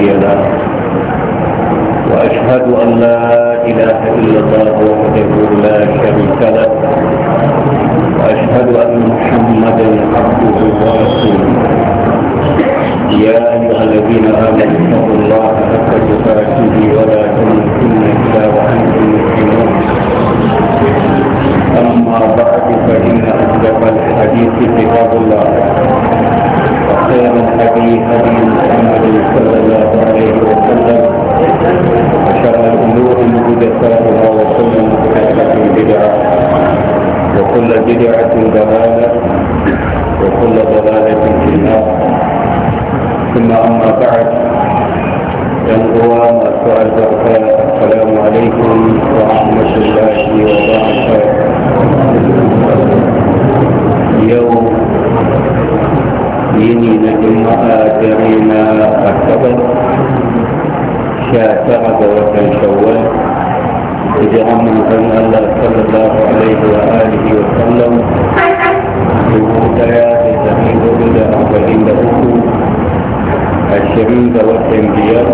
هادي له وأشهد أن لا إله إلا الله وحده لا شريك له وأشهد أن محمدا عبده ورسوله يا أيها الذين آمنوا اتقوا الله حق تقاته ولا تموتن إلا وأنتم مسلمون أما بعد فإن أصدق الحديث كتاب الله وخير الحديث هدي محمد صلى الله عليه وسلم وشر الامور محدثاتها وكل محدثة بدعة وكل بدعة ضلالة وكل ضلالة في النار ثم أما بعد ينظر ما سؤال السلام عليكم ورحمة الله وبركاته يوم يني نجمع درينا السبب شاتغ شوال idan an manzan Allah sallallahu alaihi wa dubu daya da dari hudu da arba'in da uku ashirin da watan biyar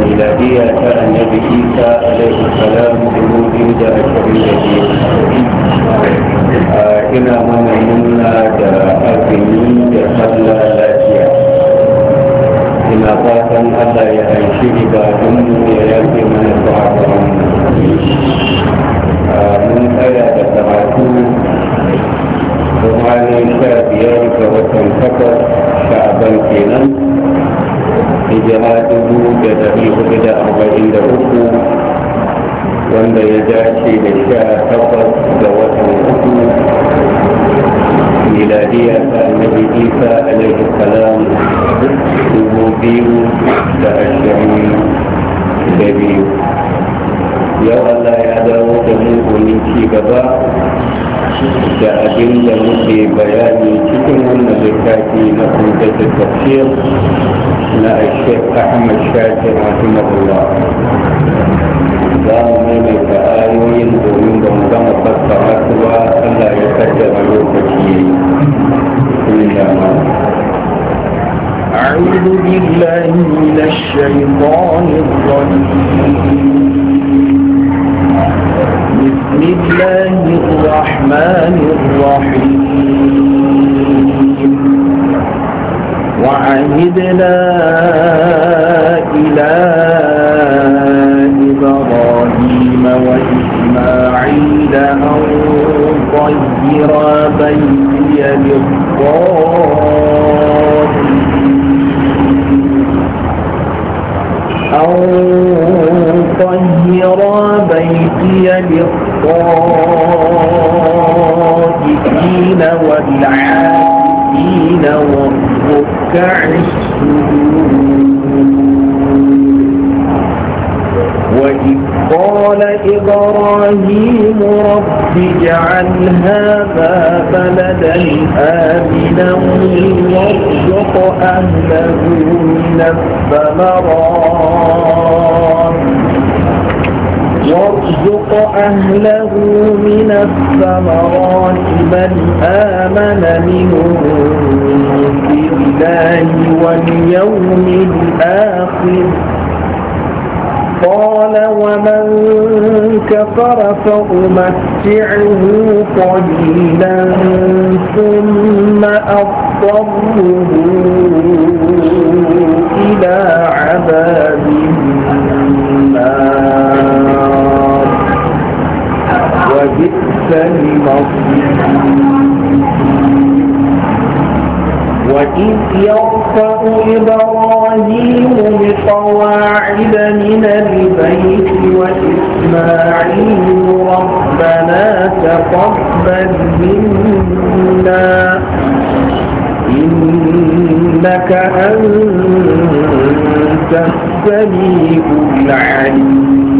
miladiya ta annabi isa alaihi salam dubu da ashirin da ina lafiya muna fatan allah ya aiki ibadunmu ya yafe mana kurakuran mun tsaya da karatu kuma ne sha biyar ga watan takwas sha'aban kenan hijira dubu da dari hudu da arba'in da uku wanda ya dace da sha takwas ga watan uku miladiya ta annabi isa alaihi salam dubu biyu da ashirin da biyu yau allah ya dawo da mu domin ci gaba da abin da muke bayani cikin wannan littafi na kuntata tafsir na ashek ahmad shakir rahimahullah za mu maimaita ayoyin domin da mu gama fassara su ba allah ya kaddara lokaci أعوذ بالله من الشيطان الرجيم بسم الله الرحمن الرحيم وعهدنا إلى إبراهيم وإسماعيل أن طهر بيتي للطاهرين أو طهر بيتي للطائفين والعاكفين والركع وإذ قال إبراهيم رب اجعل هذا بلدا آمنا وارزق أهله من الثمرات وارزق أهله من الثمرات من آمن منهم بالله واليوم الآخر قال ومن كفر فأمتعه قليلا ثم أضطره إلى عذاب النار وبئس المصير وإذ يرفع إبراهيم القواعد من البيت وإسماعيل ربنا تقبل منا إنك أنت السميع العليم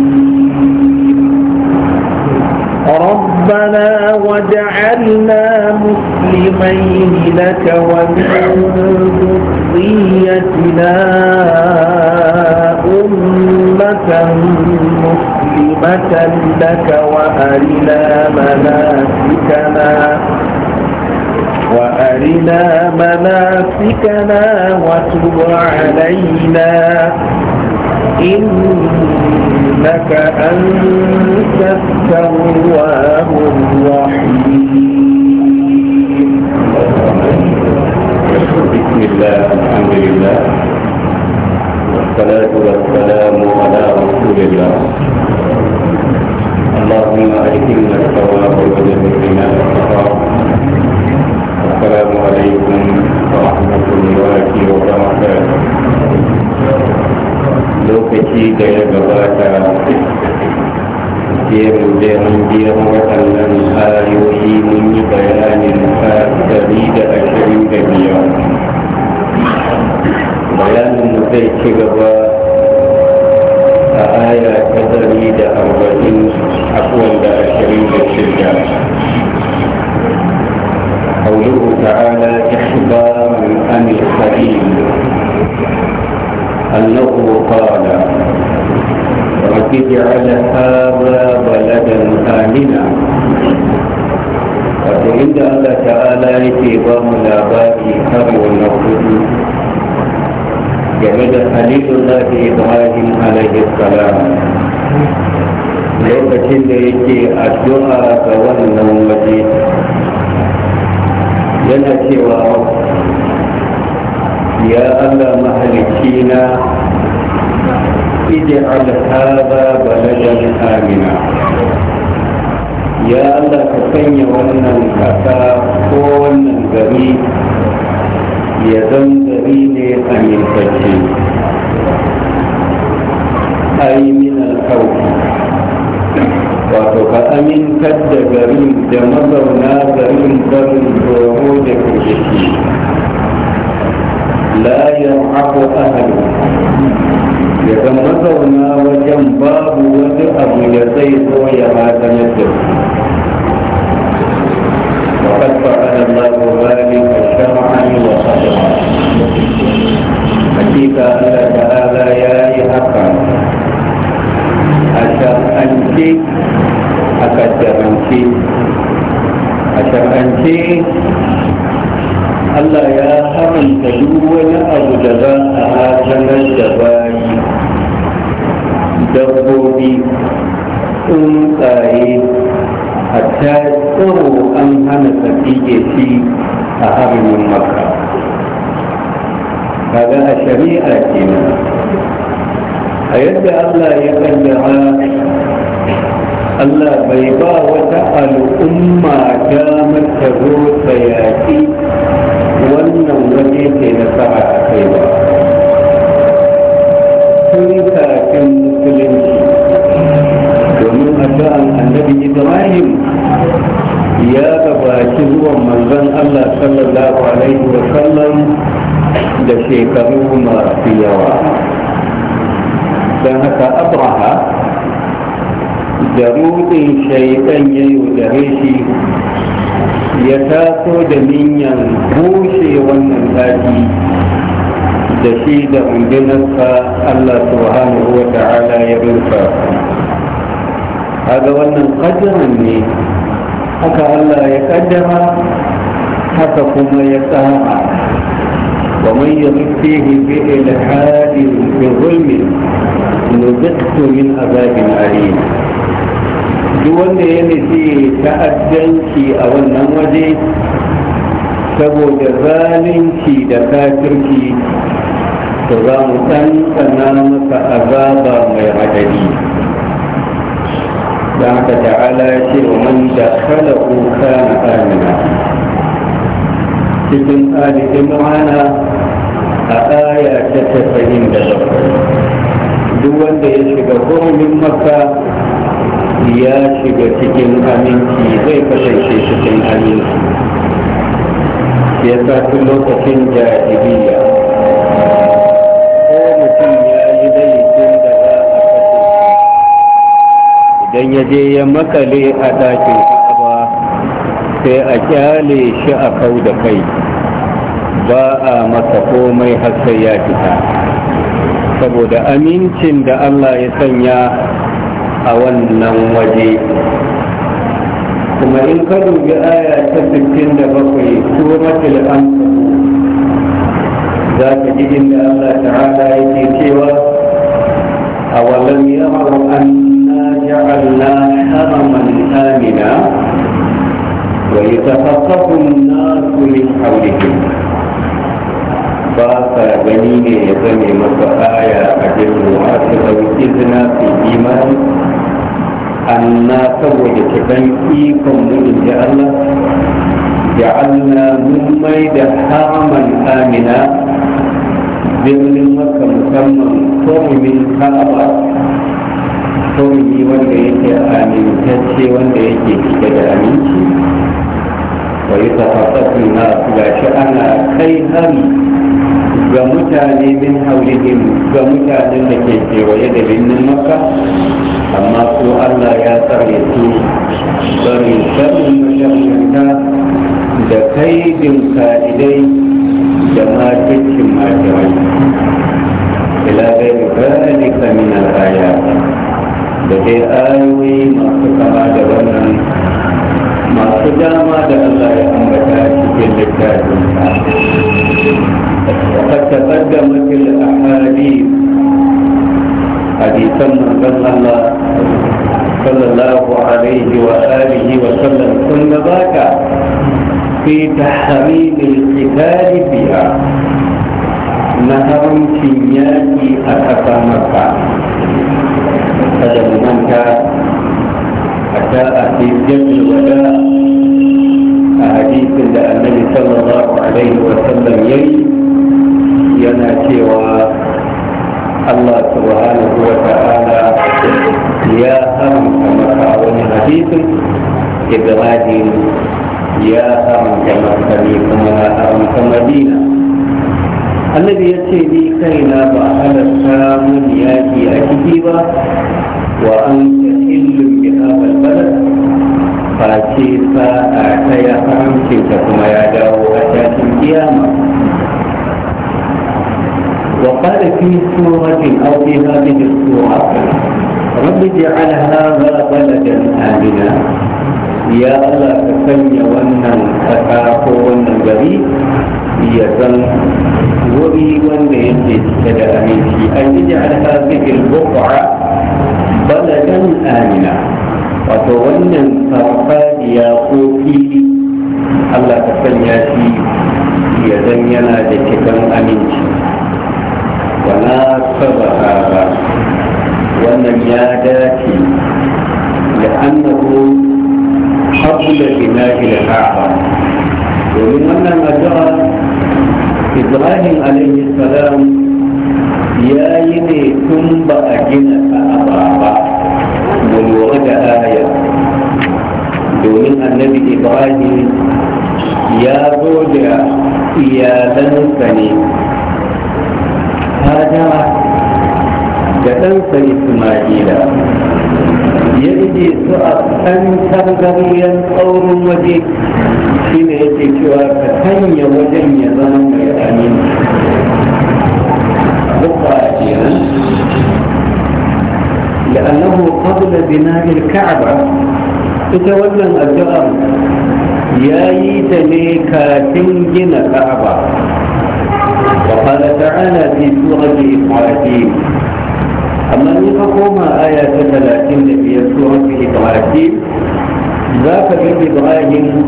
ربنا وجعلنا مسلمين لك ومن ذريتنا أمة مسلمة لك وأرنا مناسكنا وأرنا مناسكنا وتب علينا إنك أنت التواب الرحيم بسم الله الحمد لله أكون بقى الشريك الشركة قوله تعالى تحبار من أن الحديد أنه قال ركب على هذا بلدا آمنا وعند الله تعالى يتيبه لباكي حر ونفسه جمد خليل الله إبراهيم عليه السلام lokacin da yake addu'a ga wannan waje yana cewa ya Allah mahalicci na ije alhaba baladan amina ya Allah ka sanya wannan kasa ko wannan gari ya zan gari ne amintacce ai min alkawfi wato ka amintar da garin da mazauna garin garin tsoro da firgici la yarhaku ahlu daga mazauna wajen babu wani abu da zai zo ya maganar da su وقد فعل الله ذلك شرعا وقدرا حقيقه الله تعالى يا حقا a shar'ance Allah ya haramta duk wani abu da za a hasanar da bayi dabbobi tsuntsaye a ta tsoro an hana tafiye shi a harin maka kaga a shari'a kenan a yadda allah ya kaddara allah bai ba wata al'umma damar ta zo ta yaƙi wannan waje ke na sa'a a kai ba tun kafin musulunci domin a sa'an annabi ibrahim ya gabaci zuwan manzon allah sallallahu alaihi wa sallam da shekaru masu yawa don haka abraha da rudin shaidan ya yaudare shi ya taso da niyyar bushe wannan taki da shi da rundunarsa allah subhanahu wa ta'ala ya rufa haga wannan kadiran ne haka allah ya kaddara haka kuma ya tsara ومن يصب فيه بإلحاد بظلم نذقت من عذاب أليم duk wanda ya nufi ta'addanci a wannan waje saboda zalunci da kafirci to za mu ɗanɗana masa azaba mai hadari da haka ta'ala ce wa man da khalaqu kana amina cikin ali imrana a aya ta tasa'in da duk wanda ya shiga hurumin makka ya shiga cikin aminci zai kasance cikin aminci ya sa lokacin jahiliya ko mutum ya yi laifin da za a idan ya je ya makale a ɗakin ba sai a kyale shi a kau da kai ba a masa komai har sai ya fita saboda amincin da Allah ya sanya a wannan waje kuma in ka dubi aya ta 67 suratul amsa za ka ji inda Allah ta'ala yake cewa a wallan yaro an na ja'alna haraman amina wa yatafaqahu an-nasu ba sa gani ne ya zame masa aya a jirgin wasu wuce zina su imani na saboda kiɗan ikon mu in ji Allah ja'alna mun mai da haman amina birnin maka musamman komumin kaba komumi wanda yake amintacce wanda yake cike da aminci wa yi tafasafin na gashi ana kai hari ga mutane min haulihim ga mutanen da ke kewaye da birnin makka amma ko allah ya tsare su bari sanin mashakkanta da kaidin ka'idai da matakin matarai ila gai zalika min al da dai ayoyi masu kama da wannan masu dama da Allah ya ambata cikin littafin وقد تقدمت الأحاديث حديثا من الله صلى الله عليه وآله وسلم ثم ذاك في تحريم القتال فيها نهر سياكي أتفهمك هذا المنكر جاء في جمع الوداع أحاديث عند النبي صلى الله عليه وسلم يلي يناتي الله سبحانه وتعالى يا أم كما حديث إبراهيم يا أم كما كما أم كما دينا الذي يتي كينا وأهل السلام يأتي أكتبا وأنت bala face sa'a ta ya haramce ta kuma ya dawo a tashin kiyama وقال في سورة أو في هذه السورة رب اجعل هذا بلدا آمنا يا sanya wannan ونن ko wannan gari ya zan wuri wanda yake cike da aminci an yi da alhazikin bukwa baladan amina wato wannan farfadiya ko fili Allah ka sanya shi ya zan yana da cikin aminci wana sabaha wannan ya dace da annahu habla bina ilhaha domin wannan addu'a ibrahim alaihi salam ya yi ne tun ba a gina ka'aba ba da aya domin annabi ibrahim ya zo da iyalansa ne hajara da ɗansa ismaila ya rige su a ɗan tangaryen tsaurin waje shi ne yake cewa ka sanya wajen ya zama mai aminci لأنه قبل بناء الكعبة تتولى الجار يا يتني كاتن جن كعبة وقال تعالى في سورة إبراهيم أما نفقوا ما آية 30 في سورة إبراهيم ذاك إبراهيم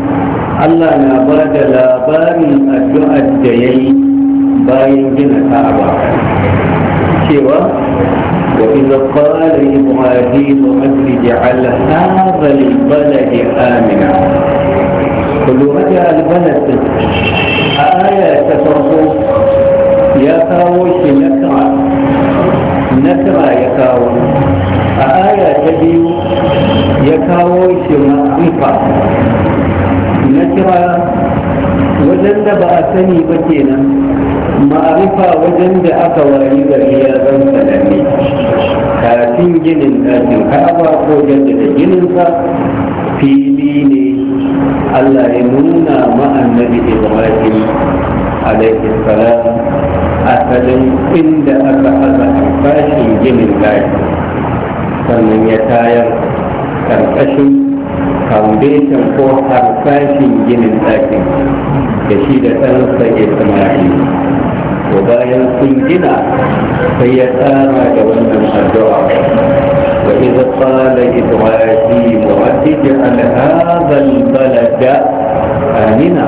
الله نباد لابان أجرأ الديين باين جن كعبة cewa وإذ قال إبراهيم رب اجعل هذا البلد آمنا كل رجع البلد آية تفرقوا يا كاوش نكرة نكرة يا كاوش آية تبيو يا كاوش معرفة نكرة وجد بأسني بكينا ma'arifa wajen da aka wayi gari ya zan sananne kafin ginin ɗakin ka'aba ko da gininsa fili ne allah ya nuna ma'annabi ibrahim alaihi salam asalin inda aka aza fashin ginin ɗakin sannan ya tayar karkashin foundation ko harsashin ginin ɗakin da shi da ɗansa ismail to bayan sun gina sai ya tsara da wannan addu'a wa idza qala ibrahim rabbi ij'al hadha al-balada amina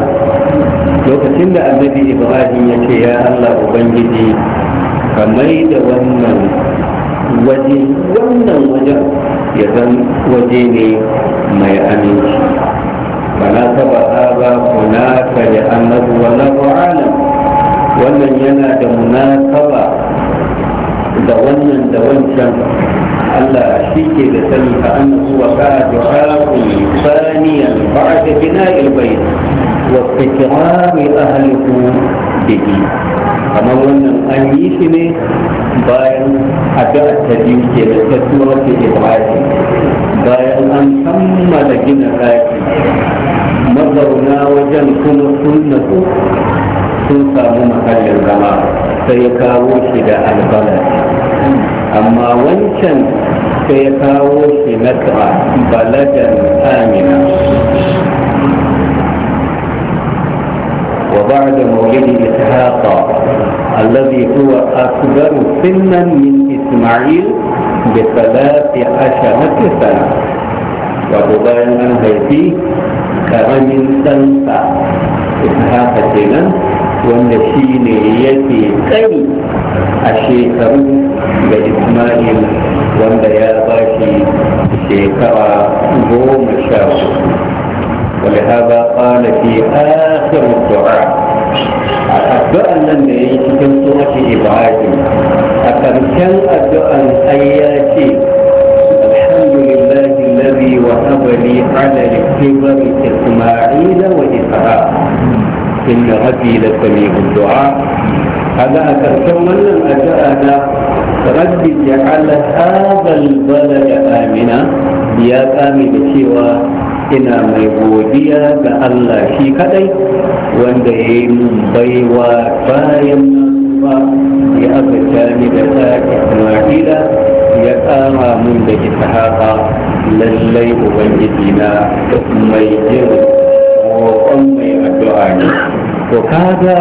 lokacin da annabi ibrahim yake ya Allah ubangiji kamar da wannan waje wannan wajen ya zan waje ne mai aminci bana taba ba hunaka da annabu wallahu alam wannan yana da munasaba da wannan da wancan Allah shi ke da sani ka annahu wa ka du'a'u thaniyan ba'da bina'il bayt wa istiqrar ahlihi ake yi wannan an yi shi ne bayan addu'a ta biyu ke da ta tura ke bayan an kammala gina ɗaki mazauna wajen kuma sun nasu sun samu mahallin zama sai ya kawo shi da albala amma wancan sai ya kawo shi na balagan amina وبعد مولد إسحاق الذي هو أكبر سنا من إسماعيل بثلاث عشرة سنة وبعد من هيتي كرم سنسا إسحاق سنا ونشين يتي كي أشيكر بإسماعيل ونبيا باشي شيكرا بوم الشرق ولهذا قال في آخر الدعاء الدعاء لم يتكن سورة إبراهيم أتمكن الدعاء الآياتي الحمد لله الذي وهب لي على الكبر إسماعيل وإسحاق إن ربي لسميع الدعاء هذا أتمكن من لم أتأنا رب هذا البلد آمنا يا آمن سوى ina mai godiya ga Allah shi kadai wanda ya yi mun baiwa bayan ba ya aka jami da ta Isma'ila ya kama mun da haka lallai ubangiji na mai jin roƙon mai addu'a ne to kaga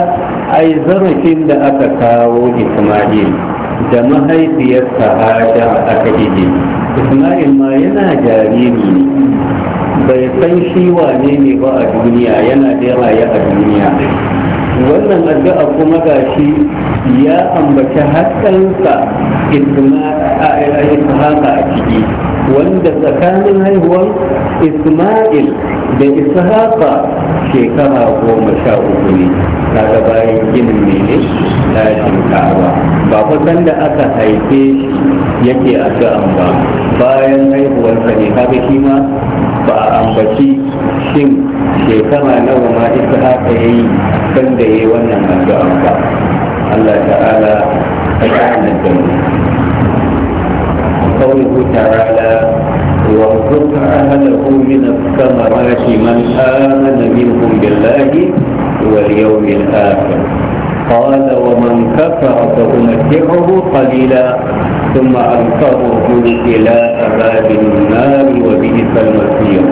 ai zarafin da aka kawo Isma'il da mahaifiyarsa Hajara aka ije Isma'il ma yana jariri ne bai san shi wane ne ba a duniya yana da raye a duniya wannan addu'a kuma shi ya ambaci hatsarinsa ishaka a ciki wanda tsakanin haihuwar isma'il da ishaqa shekara goma sha uku ne kaga bayan ginin ne, tashin ka'aba ba kusan da aka haife yake addu'an ba bayan haihuwarsa ne kaga shi ma ba a ambaci shin shekara nawa ma ishaqa ya yi sanda ya yi wannan addu'an ba Allah ta'ala ka ta'anar da قوله تعالى وارزق أهله من الثمرات من آمن منهم بالله واليوم الآخر قال ومن كفر فأمتعه قليلا ثم أنكره إلى عذاب النار وبئس المسير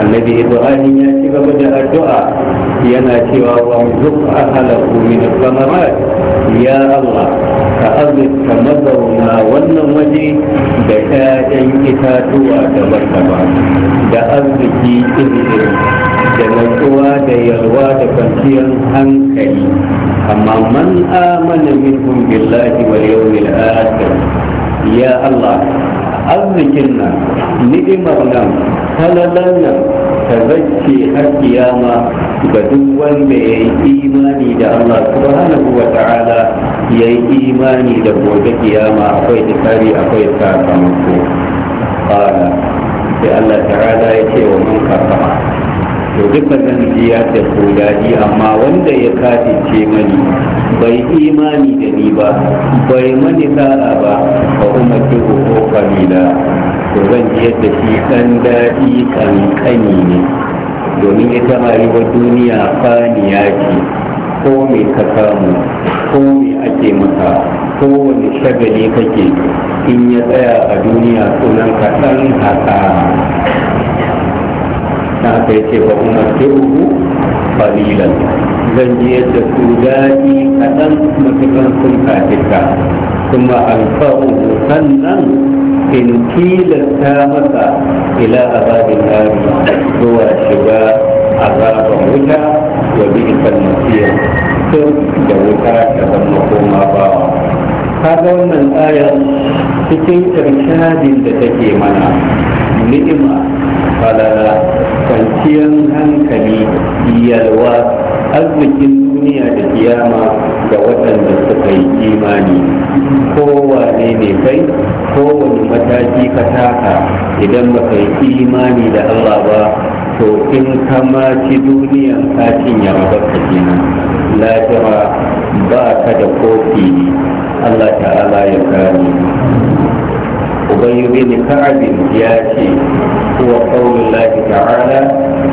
annabi ibrahim ya ci gaba da addu'a yana cewa wa zuk ahlahu min ya allah ka azurta mazauna wannan waje da ƴaƴan itatuwa daban-daban da arziki iri-iri da natsuwa da yalwa da kwanciyar hankali amma man amana minhum billahi wal yawmil akhir ya Allah arzikin nan ni'imar nan halalan nan ta zacce har kiyama ga duk wanda ya yi imani da Allah subhanahu wa ta'ala ya yi imani da gobe kiyama akwai tsari akwai sakamako qala sai Allah ta'ala ya ce wa man kafara to duka zan ji ya ko daɗi amma wanda ya kafice mani bai imani da ni ba bai mani tsara ba ba kuma ki ko kamila to zan ji yadda shi ɗan kan kani ne domin ita wa duniya faniya ce ko me ka samu ko me ake maka ko kowane shagali kake in ya tsaya a duniya sunan kaɗan haka. ta haka ya ce ba kuma tuhu falilan zan ji yadda su daɗi kaɗan matukan sun kafita kuma alfahu sannan in tilasta masa ila azabin nari zuwa shiga azaban wuta wa bi isan masiyar sun da wuta ta zama koma bawa kaga wannan ayar cikin irshadin da take mana ni'ima falala kwanciyar hankali yalwa arzikin duniya da kiyama ga waɗanda suka yi imani kowane ne kai kowane mataki ka taka idan baka yi imani da allah ba to in kama ci duniyan ka cinye rabarka kenan lajira ba ka da kofi Allah ta'ala ya kare ubangiji ne ka'abin ya ce kuwa ƙaunin lafi ta'ala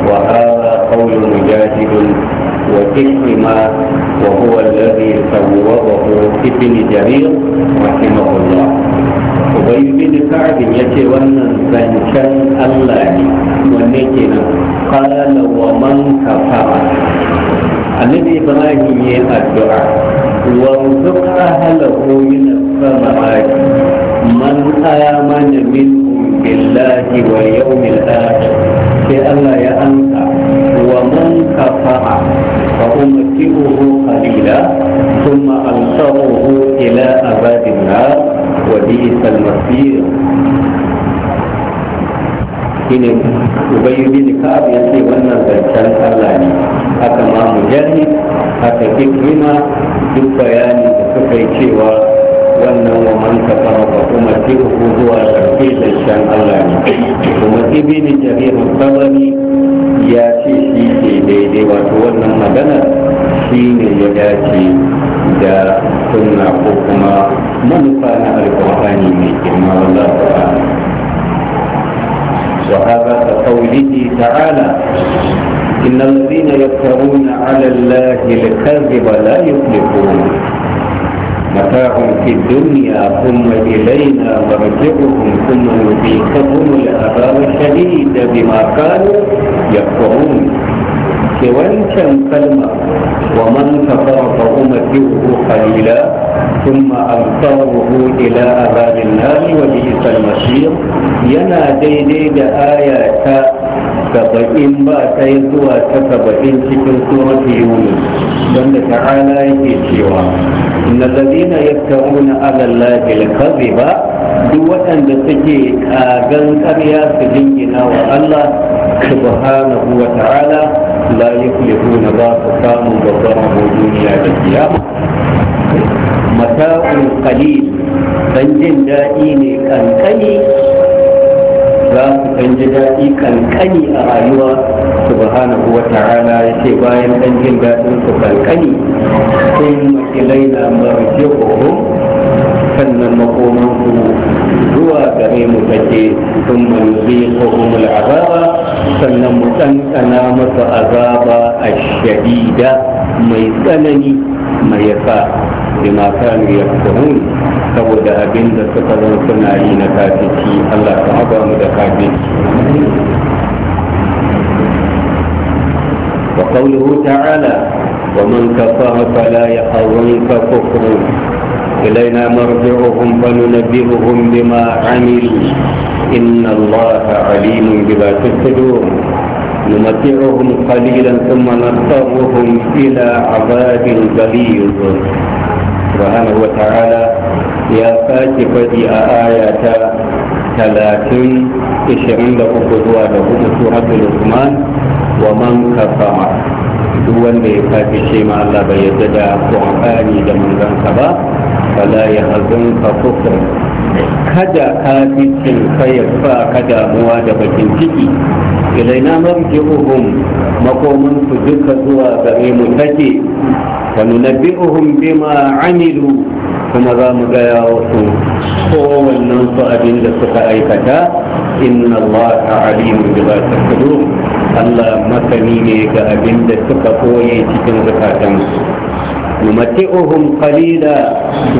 wa hada ƙaunin mujahidun wa kishima wa huwa lafi sabuwa wa huwa kifin jarir wa kimahullah ubangiji ne ka'abin ya wannan zancen allah ne wanne ke nan kala wa man kafara annabi ibrahim ya addu'a wa zuka ahalahu min as-samawati man amana minkum billahi wal yawmil akhir sai Allah ya amsa wa man kafara fa umtiuhu qalila thumma alsaruhu ila abadin shine ubangiji ka'ab ya ce wannan zancen Allah ne haka ma mujahid haka ikrima duk bayani da suka yi cewa wannan wa man kafara fa kuma tiku zuwa sarki da shan Allah ne kuma ibn jarir al-tabari ya ce shi ke daidai wato wannan magana shi ne ya dace da sunna ko kuma manufa na alƙur'ani mai girma wallahu ta'ala وهذا كقوله تعالى إن الذين يفترون على الله الكذب لا يفلحون متاع في الدنيا ثم إلينا مرجعهم ثم نذيقهم العذاب الشديد بما كانوا يكفرون كوانشا كلمة ومن كفر فأمتعه قليلا ثم أبصره إلى أباب النار وبئس المصير ينا ديدي دا آية سبعين با سيزوى سبعين سكن سورة يونس بل تعالى يكيشيوا إن الذين يفترون على الله الكذب دوة بسجي آغان كريا سجنجنا والله سبحانه وتعالى لا يخلفون ذات كامل وضربوا دنيا بالقيامة mata'un qalil dan jin daɗi ne kankani za ku kan ji daɗi kankani a rayuwa subhanahu wa ta'ala ya ce bayan dan jin daɗin su kankani sun makilai na marjihun sannan makomansu zuwa gare mu take sun manzi ko umul azaba sannan mu ɗanɗana masa azaba a shadida mai tsanani mai yasa بما كانوا يكفرون سبو دا أبين دا سكرون سنا الله تعبهم دا وقوله تعالى ومن كفر فلا يحرنك كفر إلينا مرجعهم فننبئهم بما عملوا إن الله عليم بذات الصدور نمتعهم قليلا ثم نضطرهم إلى عذاب غليظ subhanahu wa ta'ala ya sake faɗi a aya ta talatin ishirin da uku zuwa da hudu suratul Luqman wa man kafama duk wanda ya kafi ce ma Allah bai yadda da Qur'ani da manzansa ba fala ya hazun ka kufur kada ka damuwa da bakin ciki ilaina marji'uhum makomin duka zuwa gare mu take فننبئهم بما عملوا kuma za mu gaya wasu kowannen su abin da suka aikata inna Allah alimu bi za ta Allah masani ne ga abin da suka koye cikin zukatan uhun qalila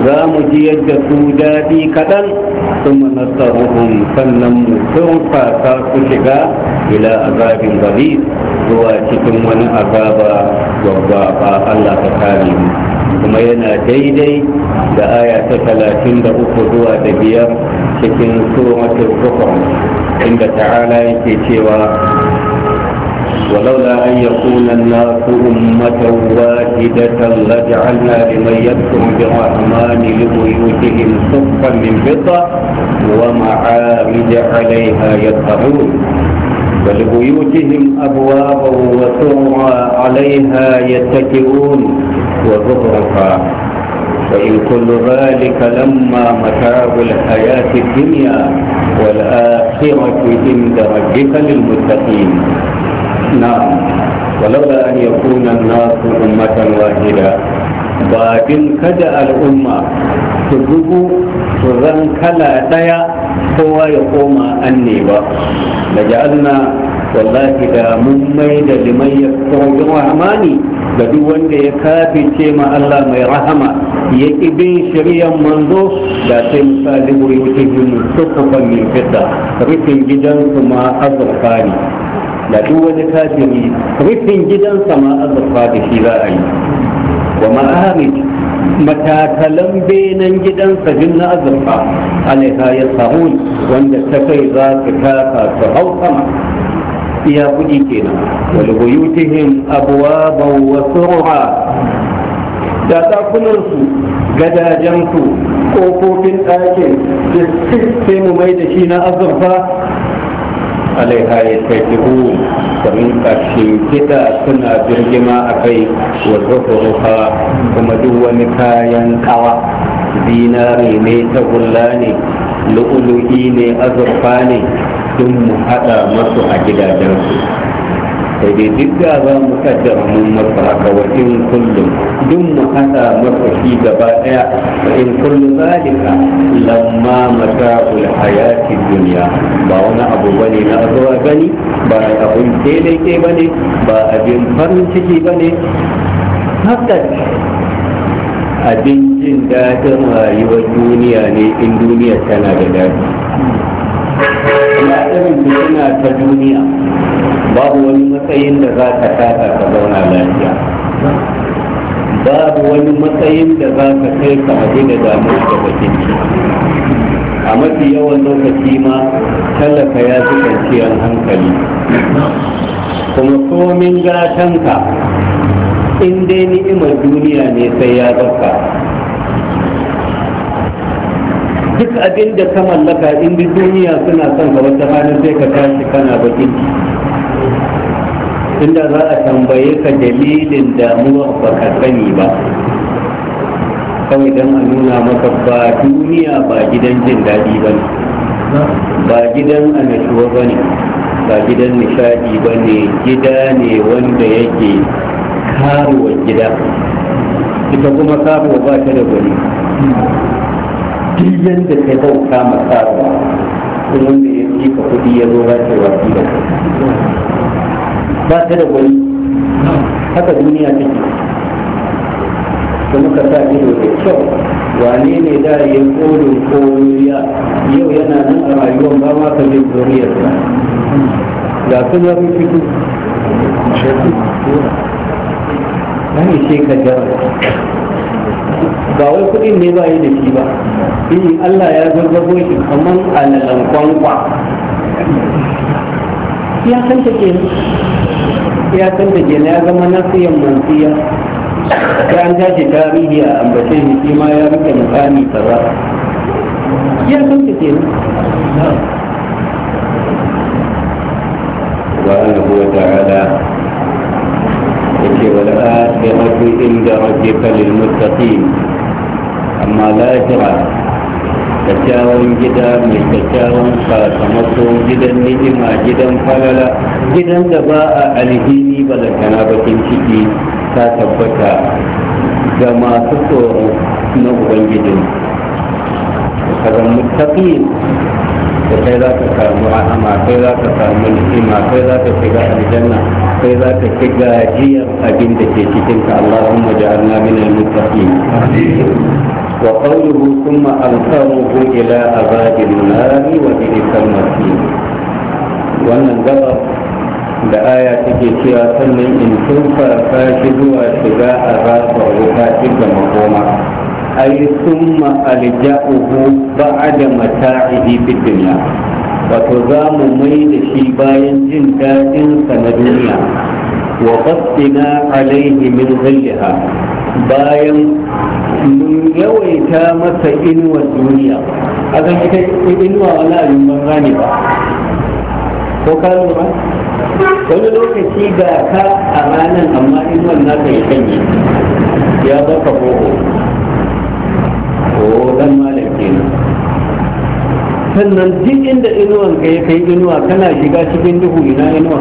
za mu ji yadda su daɗi kaɗan thumma nasaruhum sannan mu turfasa su shiga ila azabin ghalid zuwa cikin wani azaba babba ba Allah ta kare mu kuma yana daidai da aya ta talatin da uku zuwa da biyar cikin suratul zukhruf inda ta'ala yake cewa ولولا أن يكون الناس أمة واحدة لجعلنا لمن يدخل بالرحمن لبيوتهم سقفا من فضة ومعابد عليها يدخلون ولبيوتهم أبوابا وسرا عليها يتكئون وزخرفا وإن كل ذلك لما متاع الحياة الدنيا والآخرة عند ربك للمتقين نعم ولولا أن يكون الناس أمة واحدة bakin kada al'umma su bugu su kala daya kowa ya koma anne ba da ja'alna wallahi da mun mai da liman ya tsoron rahmani ga duk wanda ya kafice ma Allah mai rahama ya ƙi bin shari'ar manzo da sai misali wuri wuce yin sukufan min fita rufin gidansu ma azurfa ne da duk wani kafiri rufin gidansa ma azurfa da shi za a yi wa ma'arij matakalan benan gidansa duk na azurfa alaiha ya sahun wanda ta kai za su taka su hau sama iya kuɗi kenan wal buyutihim abwaban surura da ɗakunansu gadajensu kofofin ɗakin da sai mu mai da shi na azurfa alaiha ya tafihu domin kashin kita suna birgima a kai wa zuhuruha kuma duk wani kayan kawa zinari ne tagulla ne lu'ulu'i ne azurfa ne duk mu haɗa masu a gidajensu sai dai duk da za mu kaddar mun masa haka wa in kullum duk mu hada masa shi gaba daya wa in kullu zalika lamma mata'ul hayati dunya ba wani abu bane na zuwa gani ba abin ke bane ba abin farin ciki bane haka abin jin daɗin rayuwar duniya ne in duniya tana da daɗi. Ina irin ta duniya babu wani matsayin da za ka taka ka zauna lafiya babu wani matsayin da za ka kai ka haɗu da damar da bakin a mafi yawan lokaci ma tallaka ya fi hankali kuma komin gatanka in dai ni'imar duniya ne sai ya zaka duk abin da ka mallaka in duniya suna son ka wata hannun sai ka tashi kana bakin ciki tunda za a tambaye ka dalilin damuwar ba ka sani ba kawai don a nuna maka ba duniya ba gidan jin daɗi ba ne ba gidan annashuwa ba ne ba gidan nishadi ba ne gida ne wanda yake karuwa gida ita kuma karuwa ba ta da gwani duk da ta bauta ma karuwa wanda ya fi ka kuɗi ya zo ba ta wasu da ba ta da wani haka duniya take da muka sa ido da kyau wane ne da ya ko ya yau yana nan a rayuwar ba ma ka jin ba ga su ya fi fito ne ce ka jara ba wai kudin ne ba yi da shi ba yi Allah ya zargabo shi kamar alalan kwankwa ya san ta ke ya san ta na ya zama nasiyan mansiya ta an tashi tarihi a ambace shi shi ma ya rike mukami ba ya san ta ke سبحانه وتعالى والآخرة عند ربك للمتقين أما لا ترى kyakkyawan gida mai kyakkyawan sakamako gidan ni'ima gidan falala gidan da ba a alhini ba zantana bakin ciki ta tabbata ga masu tsoro na ubangijin to kai za ka samu a'ama kai za ka samu ni'ima kai za ka shiga aljanna kai za ka shiga gajiyar abin da ke cikin ka Allahumma ja'alna min al-muttaqin wa qawluhu thumma alqahu ila azabil nar wa al masir wannan gaba da aya take cewa sannan in tun fara shi zuwa shiga azabar wuta cikin makoma ai summa alja'uhu ba'da mata'ihi fid dunya wato za mu mai da shi bayan jin daɗin sa na duniya wa qasdina alaihi min bayan mun yawaita masa inuwar duniya akan ita inuwa wani abin banza ne ba ko ka lura wani lokaci ga ka a ranar amma inuwar naka ya shanye ya baka boho ko dan malam sannan duk inda inuwan ka ya kai inuwa kana shiga cikin duhu ina inuwa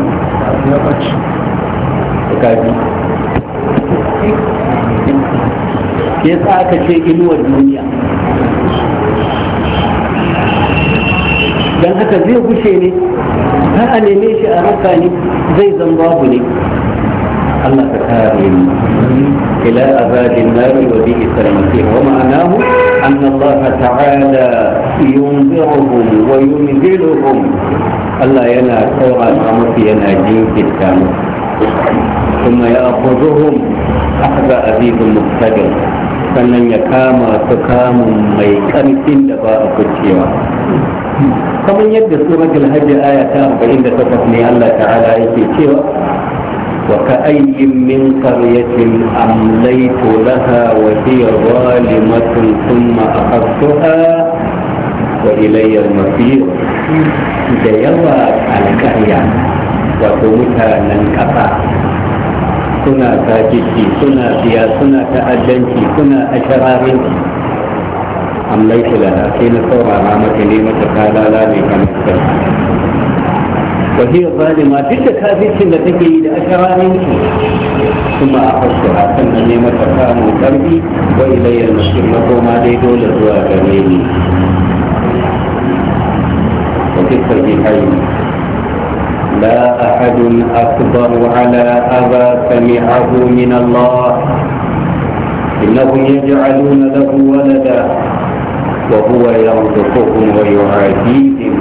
ya tsaka ce inuwar duniya don haka zai gushe ne har a neme shi a rakani ne zai zan babu ne حلقت هذه إلى أباد النار وبئس المسير ومعناه أن الله تعالى ينذرهم وينذرهم ألا ينا ثورا في يناجين في الكامل ثم يأخذهم أحد أبيب المقتدر فلن يكام تكام ميكم سند بارك الشيوى كما يبدو سورة الهجر آية 48 الله تعالى يشيوى وكأي من قرية أمليت لها وهي ظالمة ثم أخذتها وإلي المصير da yawa alƙarya wato mutanen ƙasa suna sajiki suna biya suna ta'addanci suna ashararin amlaitu lana sai na saurara mata ne mata kalala وهي ظالمة تلك كافرة التي تجي لأشرار ثم أخذتها ثم نعمة كانوا قلبي وإلي المسجد وما ديدو للرواء جميلي وفي الصحيحين لا أحد أكبر على أبا سمعه من الله إنهم يجعلون له ولدا وهو يرزقهم ويعاديهم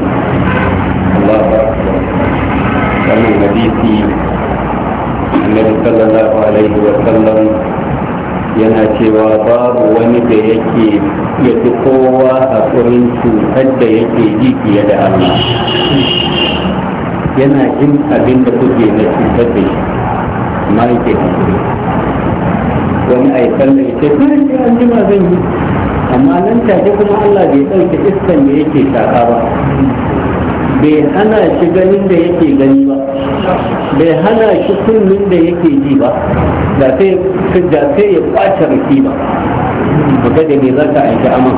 الله أكبر wannan hadisi annabi sallallahu alaihi wa sallam yana cewa babu wani da yake ya fi kowa a kurin cutar da yake ji fiye da Allah yana jin abin kuke na cutar da shi amma yake wani a yi sallar ya ce ta an zan yi amma nan take kuma Allah bai ɗauke iska da yake shaka ba bai hana shi ganin da yake gani ba bai hana shi kullum da yake ji ba da sai ya kwace rufi ba ga da me za ka aiki aman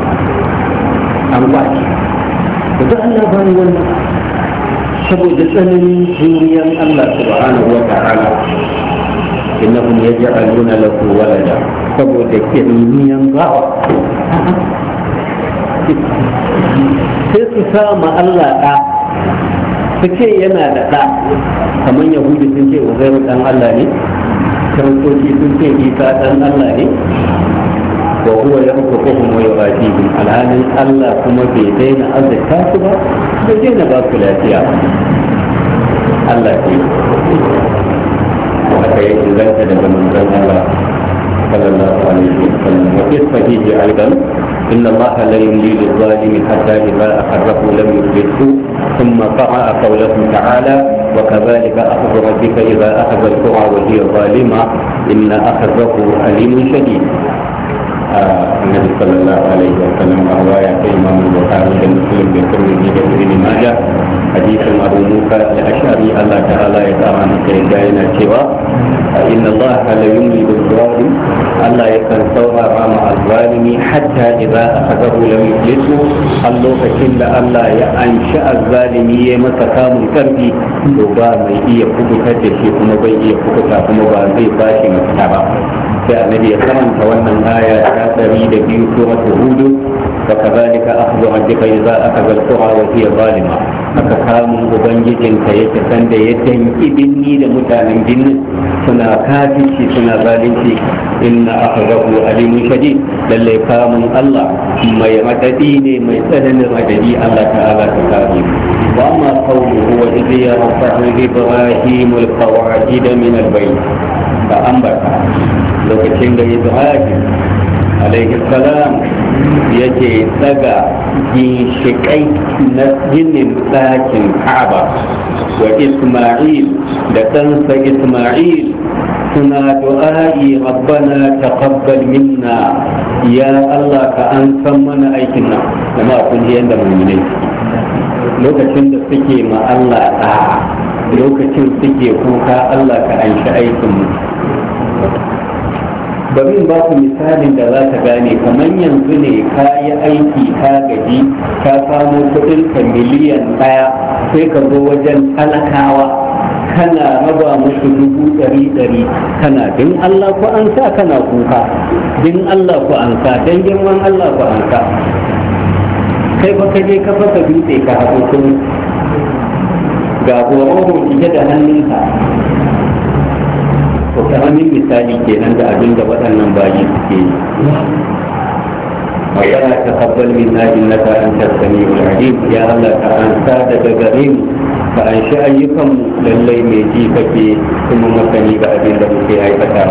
an kwace da duk Allah ba ni wannan saboda tsananin juriyar Allah subhanahu wa ta'ala innahum yaj'aluna lahu walada saboda kirmiyan bawa sai su sama Allah ɗa su ce yana da ɗa kamar yahudi sun ce uzairu dan allah ne kiristoci sun ce isa dan allah ne wa huwa yarzuquhum wa bin alhalin allah kuma bai daina azzaka su ba bai daina ba su lafiya allah ce aka yi inganta da manzon allah sallallahu alaihi wa sallam wa fi sahihi إن الله لا يملي للظالم حتى إذا أخره لم يفلته ثم قرأ قوله تعالى وكذلك أخذ ربك إذا أخذ القرى وهي ظالمة إن أخذه أليم شديد النبي صلى الله عليه وسلم رواية الإمام البخاري ومسلم بالترمذي وابن ماجه حديث أبو موسى الأشعري الله تعالى يدعى عن كيداينا سوى إن الله لا يملي بالظالم الله يكن ثورا رام الظالم حتى إذا أخذه لم يفلسه الله فكل الله ينشأ الظالم يمسكام كربي وبا ما يكتب كتشي وما بيكتب وما بيكتب وما بيكتب sai annabi ya karanta wannan aya ta ɗari da biyu suratul hudu wa kadhalika akhdhu rabbika idza akhadha al-qura wa hiya zalima haka kamun ubangijinka yake da ya danki binni da mutanen binni suna kafici suna zalunci inna akhdahu alimun shadid lalle kamun Allah mai madadi ne mai tsananin madadi Allah ta'ala ta kare wa ma qawluhu wa idza yarfahu ibrahimul qawa'id min al-bayt muka ambata lokacin da ibrahim alaihi salam yake daga ginshiƙai na ginin ɗakin ka'aba wa isma'il da ɗansa isma'il suna du'a'i rabbana taqabbal minna ya Allah ka an san mana aikin nan kuma kun ji yanda mu'minai lokacin da suke ma Allah ɗa'a lokacin suke kuka Allah ka anshi aikin mu bari in ba ku misalin da za ta gane kamar yanzu ne ka yi aiki ka gaji ka samo kuɗin ka miliyan ɗaya sai ka zo wajen talakawa kana raba musu dubu ɗari ɗari kana din Allah ku an sa kana kuka din Allah ku an sa dan girman Allah ku an sa kai ba ka je ka fasa dutse ka haɗu kuma ga horon ita da hannunsa to ta hannun misali ke nan da abin da waɗannan bayi suke yi magana ta kabbal min nadin na ta'an tattani wa alim ya Allah ka daga gare mu ka an shi ayyukan mu lallai mai ji kuma maka ni ga abin muke aikata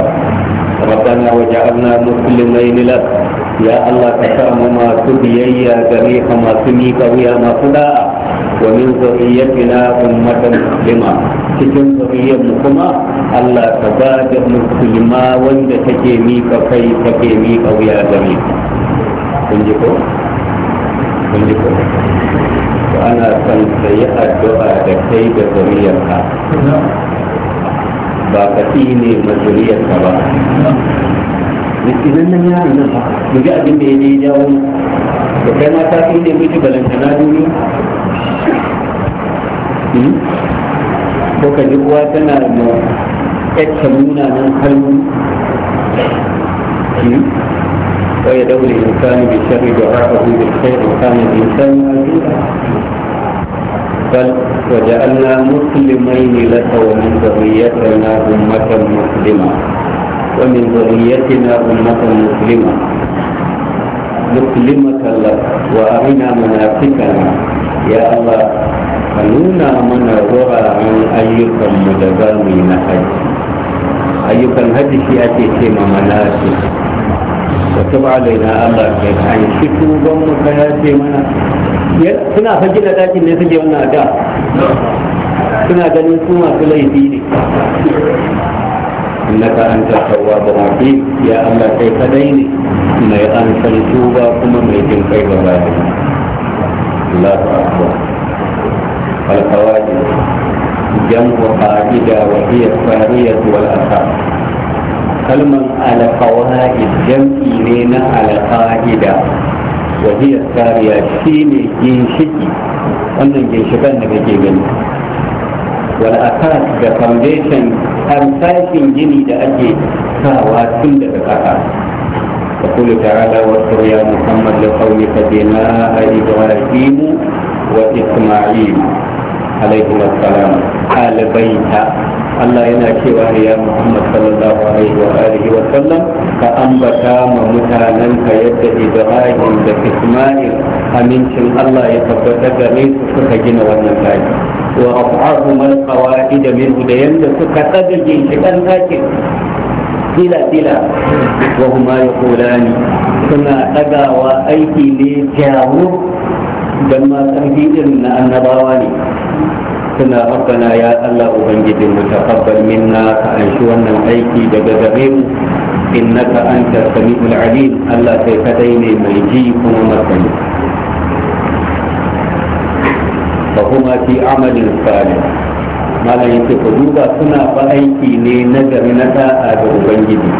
rabbana waje ja'alna muslimin nila ya Allah ka sa ma masu biyayya gare ka masu miƙa wuya masu ومن ذريتنا أمة مسلمة cikin zuriyar mu kuma Allah ka ba da musulma wanda take mika kai take mika wuya gare kun ji ko kun ji ko ana son ka addu'a da kai da zuriyarka ba ka ne ma zuriyarka ba idan nan yaro nan ba mu ji abin da ya je jawo da kai ma ta ne miji balantana duniya Hmm? ko ka ji uwa tana da yadda nuna nan kalmomi ويدعو الإنسان بالشر دعاءه بالخير وكان الإنسان عجولا بل وجعلنا مسلمين لك ومن ذريتنا أمة مسلمة ومن ذريتنا أمة مسلمة مسلمة لك وأرنا منافقنا ya Allah ka nuna mana wuraren ayyukanmu da za mu yi na haji ayyukan haji shi ake ce ma manasi ka tuba ina Allah ke an shi tuban mu ka ce mana suna haji da dakin ne suke wannan da suna ganin su masu laifi ne innaka anta tawwabur mafi ya Allah kai kadai ne mai an san tuba kuma mai jin kai ba ba الله أكبر القواعد جمع قاعدة وهي الثانية والأخر كلمة على قواعد جمع لنا على قاعدة وهي الثانية شيني جنشكي أن جنشكان نبكي منه والأساس da foundation harsashin gini da ake sawa tun daga ƙasa يقول تعالى واذكر يا محمد لقومك بناء ابراهيم واسماعيل عليهما السلام آل بيت الله ينا cewa ya Muhammad sallallahu alaihi wa alihi wa sallam ka ambata ma mutanen ka yadda Ibrahim da Ismail amincin Allah ya tabbatar gare su suka gina wannan taki wa af'ahum al da yanda suka tsadage shi sila sila wa huma yaqulani suna ɗagawa aiki ne jawo dan ma karfi irin na annabawa ne suna rabbana ya Allah ubangijin mu taqabbal minna ka anshi wannan aiki daga gare mu innaka anta samiul alim Allah kai kadai ne mai ji kuma masani fa huma fi amalin salih malam yake ka duba suna ba aiki ne na gari na da'a ga ubangiji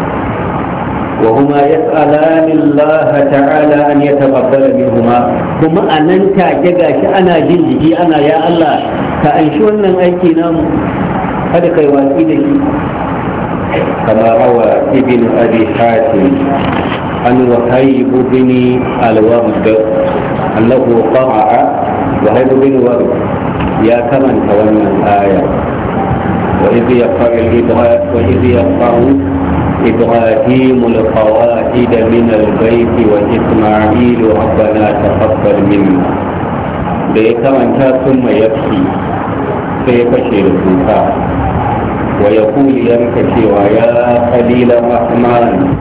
wa huma yas'alani Allah ta'ala an yataqabbala minhuma kuma anan take gashi ana jin jiki ana ya Allah ka anshi wannan aiki namu kada kai watsi da shi kama rawa ibn abi hatim an wahayb bin al-wabd annahu qara'a wahayb bin wabd يا كمن تولى الآية وإذ يقع وإذ يقع إبراهيم القواعد من البيت وإسماعيل ربنا تقبل منا بيت من ثم يبكي كيف شئت ويقول ينكشي ويا خليل الرحمن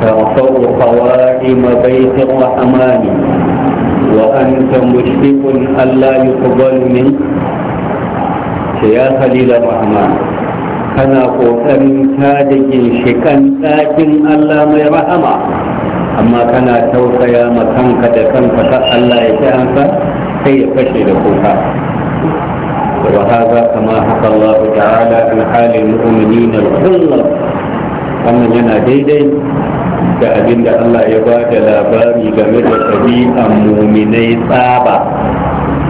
تغفر قوائم بيت الرحمن وأنت مشرف ألا يقبل منك يا خليل الرحمن kana ƙoƙarin ta da ginshikan ɗakin Allah mai rahama amma kana tausaya ma kanka da kanka ta Allah ya sha hanka ya fashe da kuka وهذا كما حكى الله تعالى عن حال المؤمنين الخلق wannan yana daidai da abinda Allah ya ba da labari game da ɗabi'an muminai tsaba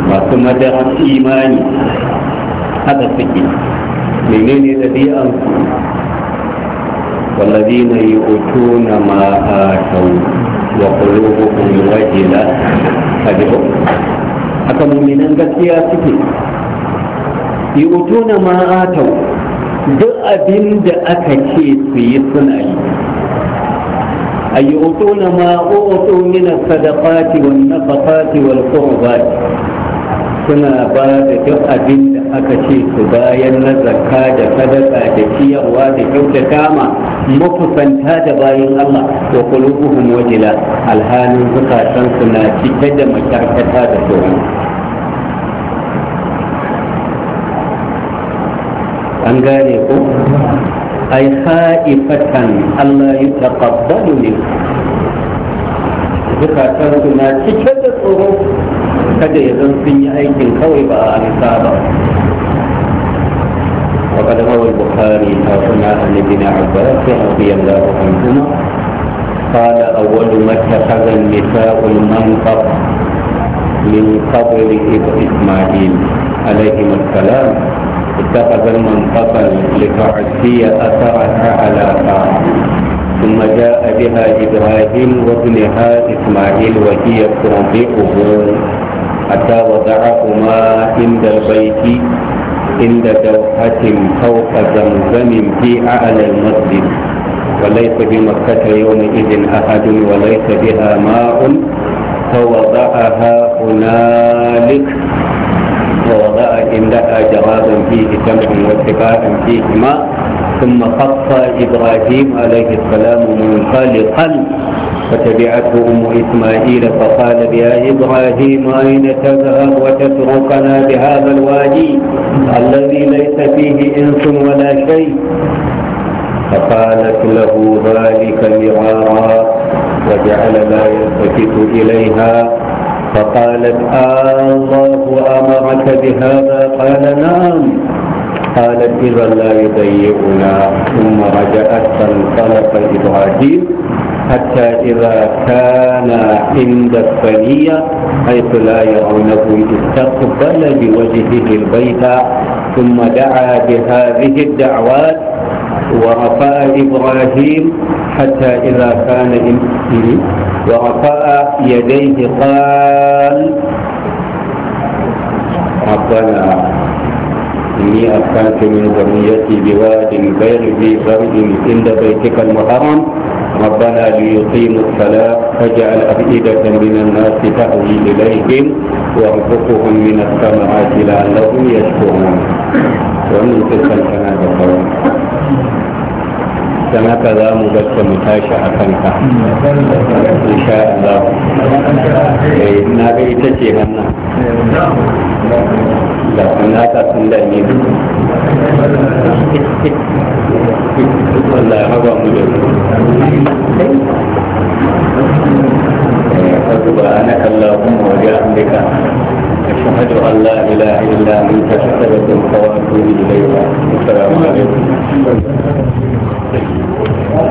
masu madarar imani haka suke menene ɗabi'an su والذين يؤتون ما آتوا وقلوبهم وجلة فجبوا haka muminan gaskiya suke yi na ma'atau duk abin da aka ce su yi suna yi a yi na ma'o'o'o mina sadaqati wal nafaqati wal qurbati suna ba da duk abin da aka ce su bayan na zakka da sadaka da ciyarwa da kyautata ma makusanta da bayan Allah wa qulubuhum wajila alhalin zukatan suna cike da makarkata da tsoro an gane ku. ai khaifatan Allah ya taqabbalu min zukatan suna cike da tsoro kada ya zan sun yi aikin kawai ba a nisa ba وقد روى البخاري حدثنا عن ابن عباس رضي الله عنهما قال اول ما اتخذ النساء المنقب من قبر اسماعيل عليهما السلام اتخذ المنقب لتعزي اثرها على طاعه ثم جاء بها ابراهيم وابنها اسماعيل وهي ترضعه حتى وضعهما عند البيت عند دوحة فوق زمزم في أعلى المسجد وليس بمكة يومئذ أحد وليس بها ماء فوضعها هنالك ووضع عندها جراد فيه سمح واتباع فيه ماء ثم خط إبراهيم عليه السلام منخلقا فتبعته أم إسماعيل فقالت يا إبراهيم أين تذهب وتتركنا بهذا الوادي الذي ليس فيه إنس ولا شيء فقالت له ذلك مرارا وجعل لا يلتفت إليها فقالت آه، الله أمرك بهذا قال نعم قالت إذا لا يضيئنا ثم رجعت فانطلق إبراهيم حتى إذا كان عند الثنية حيث لا يرونه استقبل بوجهه البيت ثم دعا بهذه الدعوات ورفع إبراهيم حتى إذا كان ورفع يديه قال ربنا إني أسكنت من ذريتي بواد غير ذي زرع عند بيتك المحرم ربنا ليقيموا الصلاة فاجعل أفئدة من الناس تهوي إليهم وارزقهم من الثمرات لعلهم يشكرون ومن تلك كما ذكرون كما كذا مبت متاشا أكنك إن شاء الله إنا بيتشي هنا لكن لا تكن لأني Allah ya haba سبحانك اللهم وبحمدك أشهد أن لا إله إلا أنت أستغفرك وأتوب إليك السلام عليكم